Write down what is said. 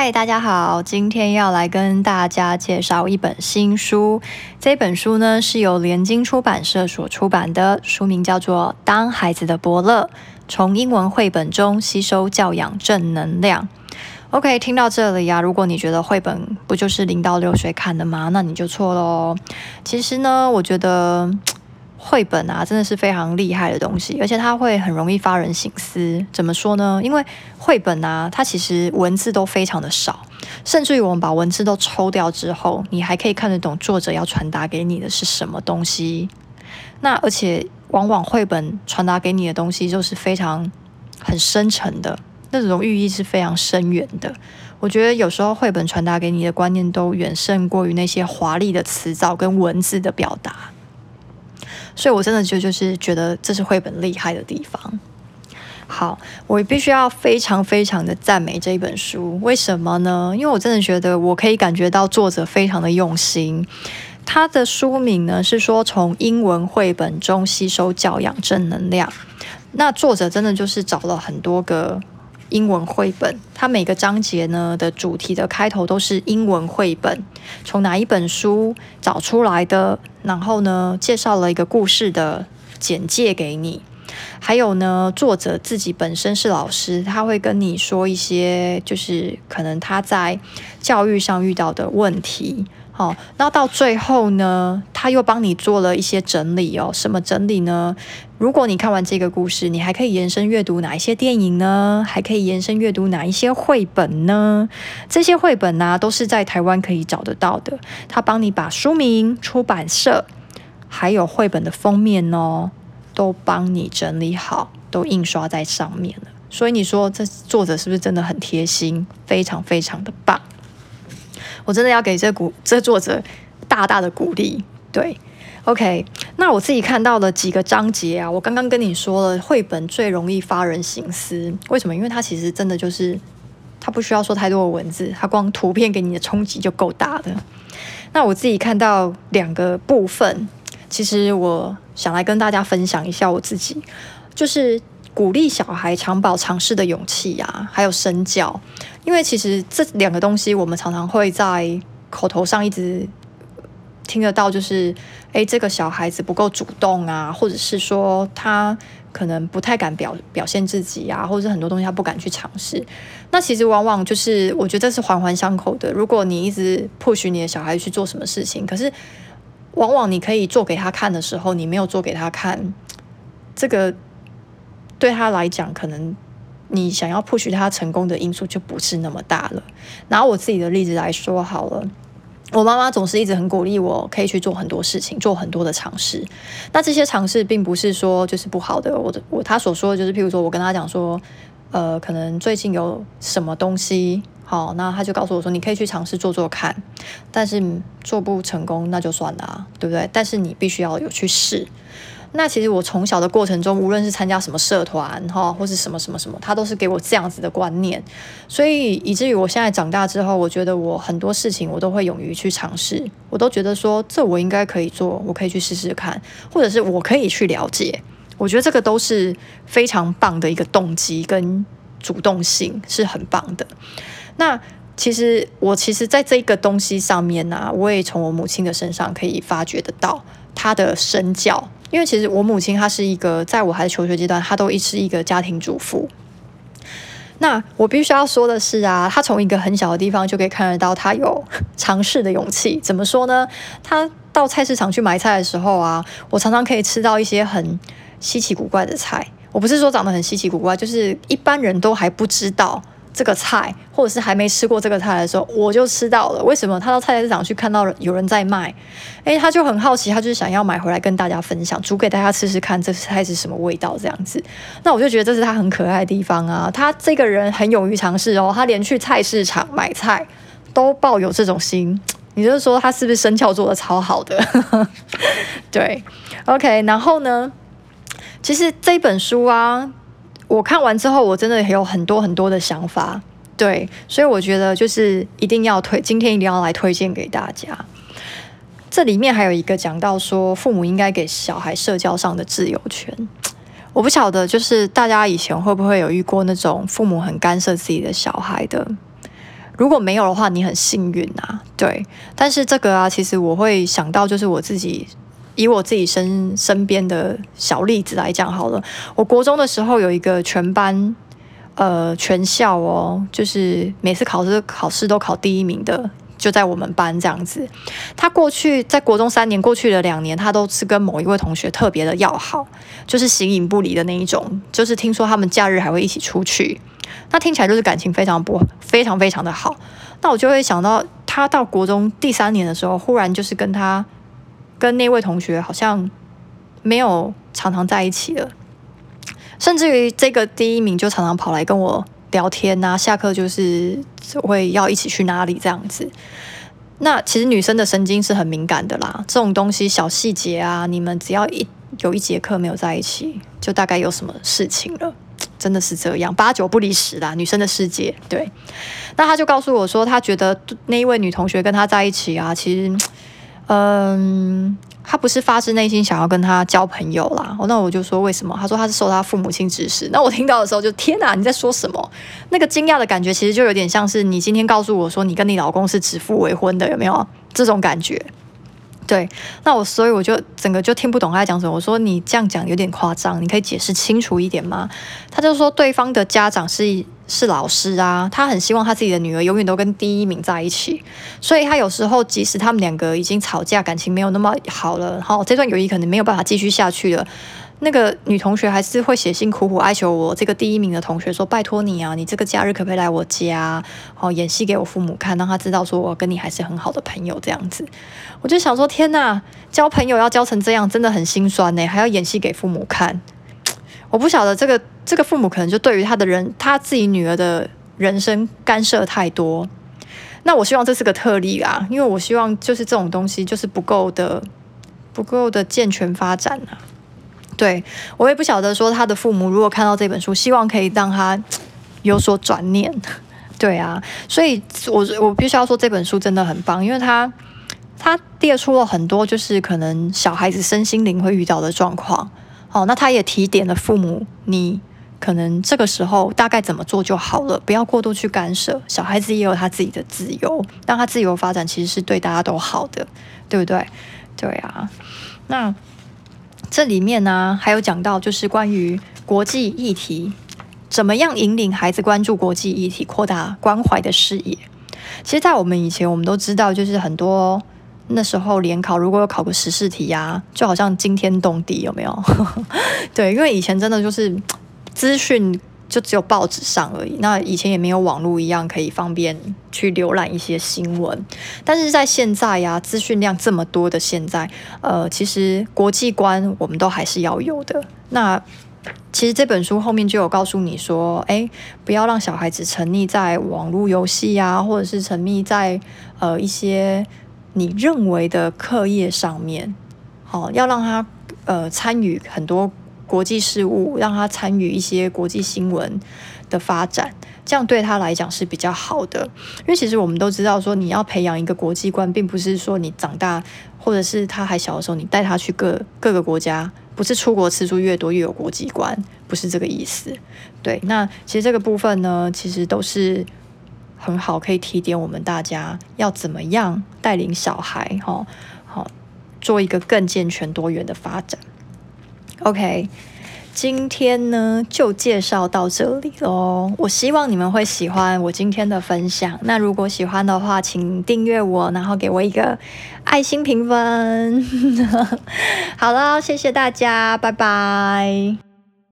嗨，Hi, 大家好，今天要來跟大家介紹一本新書。這本書呢是由聯經出版社所出版的，書名叫做《當孩子的伯樂：從英文繪本中吸收教養正能量》。OK，聽到這裡啊，如果你覺得繪本不就是零到六歲看的嗎？那你就錯嘍。其實呢，我覺得。繪本啊，真的是非常厲害的東西，而且它會很容易發人省思。怎麼說呢？因為繪本啊，它其實文字都非常的少，甚至於我們把文字都抽掉之後，你還可以看得懂作者要傳達給你的是什麼東西。那而且，往往繪本傳達給你的東西，就是非常很深沉的那種寓意，是非常深遠的。我覺得有時候繪本傳達給你的觀念，都遠勝過於那些華麗的詞藻跟文字的表達。所以，我真的就就是覺得這是繪本厲害的地方。好，我必須要非常非常的讚美這一本書。為什麼呢？因為我真的覺得我可以感覺到作者非常的用心。他的書名呢是說從英文繪本中吸收教養正能量。那作者真的就是找了很多個。英文繪本，它每個章節呢的主題的開頭都是英文繪本，從哪一本書找出來的？然後呢，介紹了一個故事的簡介給你，還有呢，作者自己本身是老師，他會跟你說一些，就是可能他在教育上遇到的問題。哦，那到最後呢，他又幫你做了一些整理哦。什麼整理呢？如果你看完這個故事，你還可以延伸閱讀哪一些電影呢？還可以延伸閱讀哪一些繪本呢？這些繪本呢，啊，都是在台灣可以找得到的。他幫你把書名、出版社，還有繪本的封面哦，都幫你整理好，都印刷在上面了。所以你說這作者是不是真的很貼心？非常非常的棒。我真的要給這鼓、這作者大大的鼓勵，對，OK。那我自己看到的幾個章節啊，我剛剛跟你說了，繪本最容易發人省思，為什麼？因為它其實真的就是它不需要說太多的文字，它光圖片給你的衝擊就夠大的。那我自己看到兩個部分，其實我想來跟大家分享一下我自己，就是。鼓勵小孩嘗保嘗試的勇氣呀、啊，還有身教，因為其實這兩個東西，我們常常會在口頭上一直聽得到，就是誒、欸，這個小孩子不夠主動啊，或者是說他可能不太敢表表現自己啊，或者是很多東西他不敢去嘗試。那其實往往就是，我覺得這是環環相扣的。如果你一直 push 你的小孩去做什麼事情，可是往往你可以做給他看的時候，你沒有做給他看，這個。對他來講，可能你想要 push 他成功的因素就不是那麼大了。拿我自己的例子來說好了，我媽媽總是一直很鼓勵我，可以去做很多事情，做很多的嘗試。那這些嘗試並不是說就是不好的。我的我他所說的就是，譬如說我跟他講說，呃，可能最近有什麼東西好，那他就告訴我說，你可以去嘗試做做看，但是做不成功那就算了，啊，對不對？但是你必須要有去試。那其實我從小的過程中，無論是參加什麼社團哈，或是什麼什麼什麼，他都是給我這樣子的觀念，所以以至於我現在長大之後，我覺得我很多事情我都會勇於去嘗試，我都覺得說這我應該可以做，我可以去試試看，或者是我可以去了解，我覺得這個都是非常棒的一個動機跟主動性是很棒的。那其實我其實在這個東西上面呢、啊，我也從我母親的身上可以發覺得到。他的身教，因為其實我母親她是一個，在我還是求學階段，她都一直是一個家庭主婦。那我必須要說的是啊，她從一個很小的地方就可以看得到，她有嘗試的勇氣。怎麼說呢？她到菜市場去買菜的時候啊，我常常可以吃到一些很稀奇古怪的菜。我不是說長得很稀奇古怪，就是一般人都還不知道這個菜，或者是還沒吃過這個菜的時候，我就吃到了。為什麼？他到菜市場去看到人有人在賣，誒，他就很好奇，他就是想要買回來跟大家分享，煮給大家吃吃看，這菜是什麼味道這樣子。那我就覺得這是他很可愛的地方啊，他這個人很勇於嘗試哦，他連去菜市場買菜都抱有這種心。你就是說他是不是生巧做得超好的？ 對，OK，然後呢，其實這本書啊。我看完之後，我真的有很多很多的想法，對，所以我覺得就是一定要推，今天一定要來推薦給大家。這裡面還有一個講到說，父母應該給小孩社交上的自由權。我不曉得就是大家以前會不會有遇過那種父母很干涉自己的小孩的。如果沒有的話，你很幸運啊，對。但是這個啊，其實我會想到就是我自己。以我自己身身邊的小例子來講好了，我國中的時候有一個全班，呃，全校哦，就是每次考試考試都考第一名的，就在我們班這樣子。他過去在國中三年，過去的兩年，他都是跟某一位同學特別的要好，就是形影不離的那一種，就是聽說他們假日還會一起出去。那聽起來就是感情非常不非常非常的好。那我就會想到，他到國中第三年的時候，忽然就是跟他。跟那位同學好像沒有常常在一起了，甚至於這個第一名就常常跑來跟我聊天吶、啊，下課就是會要一起去哪裡這樣子。那其實女生的神經是很敏感的啦，這種東西小細節啊，你們只要一有一節課沒有在一起，就大概有什麼事情了，真的是這樣，八九不離十啦。女生的世界，對。那他就告訴我說，他覺得那一位女同學跟他在一起啊，其實。嗯，他不是發自內心想要跟他交朋友啦。Oh, 那我就說為什麼？他說他是受他父母親指使。那我聽到的時候就天吶、啊，你在說什麼？那個驚訝的感覺其實就有點像是你今天告訴我說你跟你老公是指腹為婚的，有沒有這種感覺？對，那我所以我就整個就聽不懂他在講什麼。我說你這樣講有點誇張，你可以解釋清楚一點嗎？他就說對方的家長是。是老師啊，他很希望他自己的女兒永遠都跟第一名在一起，所以他有時候即使他們兩個已經吵架，感情沒有那麼好了，好、哦，這段友誼可能沒有辦法繼續下去了。那個女同學還是會寫信苦苦哀求我這個第一名的同學說：“拜托你啊，你這個假日可不可以來我家？好、哦，演戲給我父母看，讓他知道說我跟你還是很好的朋友。”這樣子，我就想說：“天吶，交朋友要交成這樣，真的很心酸呢、欸，還要演戲給父母看。”我不曉得這個這個父母可能就對於他的人，他自己女兒的人生干涉太多。那我希望這是個特例啊，因為我希望就是這種東西就是不夠的，不夠的健全發展呢、啊。對，我也不曉得說他的父母如果看到這本書，希望可以讓他有所轉念。對啊，所以我我必須要說這本書真的很棒，因為他他列出了很多就是可能小孩子身心靈會遇到的狀況。哦，那他也提點了父母，你可能這個時候大概怎麼做就好了，不要過度去干涉。小孩子也有他自己的自由，讓他自由發展其實是對大家都好的，對不對？對啊。那這裡面呢、啊，還有講到就是關於國際議題，怎麼樣引領孩子關注國際議題，擴大關懷的視野。其實，在我們以前，我們都知道，就是很多。那時候聯考如果有考個時事題啊，就好像驚天動地，有沒有？ 對，因為以前真的就是資訊就只有報紙上而已，那以前也沒有網絡一樣可以方便去瀏覽一些新聞。但是在現在呀、啊，資訊量這麼多的現在，呃，其實國際觀我們都還是要有的。那其實這本書後面就有告訴你說，哎、欸，不要讓小孩子沉溺在網絡遊戲啊，或者是沉溺在呃一些。你認為的課業上面，好要讓他呃參與很多國際事務，讓他參與一些國際新聞的發展，這樣對他來講是比較好的。因為其實我們都知道說你要培養一個國際觀，並不是說你長大或者是他還小的時候，你帶他去各各個國家，不是出國次數越多越有國際觀，不是這個意思。對，那其實這個部分呢，其實都是。很好，可以提點我們大家要怎麼樣帶領小孩，哈、哦，好，做一個更健全多元的發展。OK，今天呢就介紹到這裡嘍。我希望你們會喜歡我今天的分享。那如果喜歡的話，請訂閱我，然後給我一個愛心評分。 好了，謝謝大家，拜拜。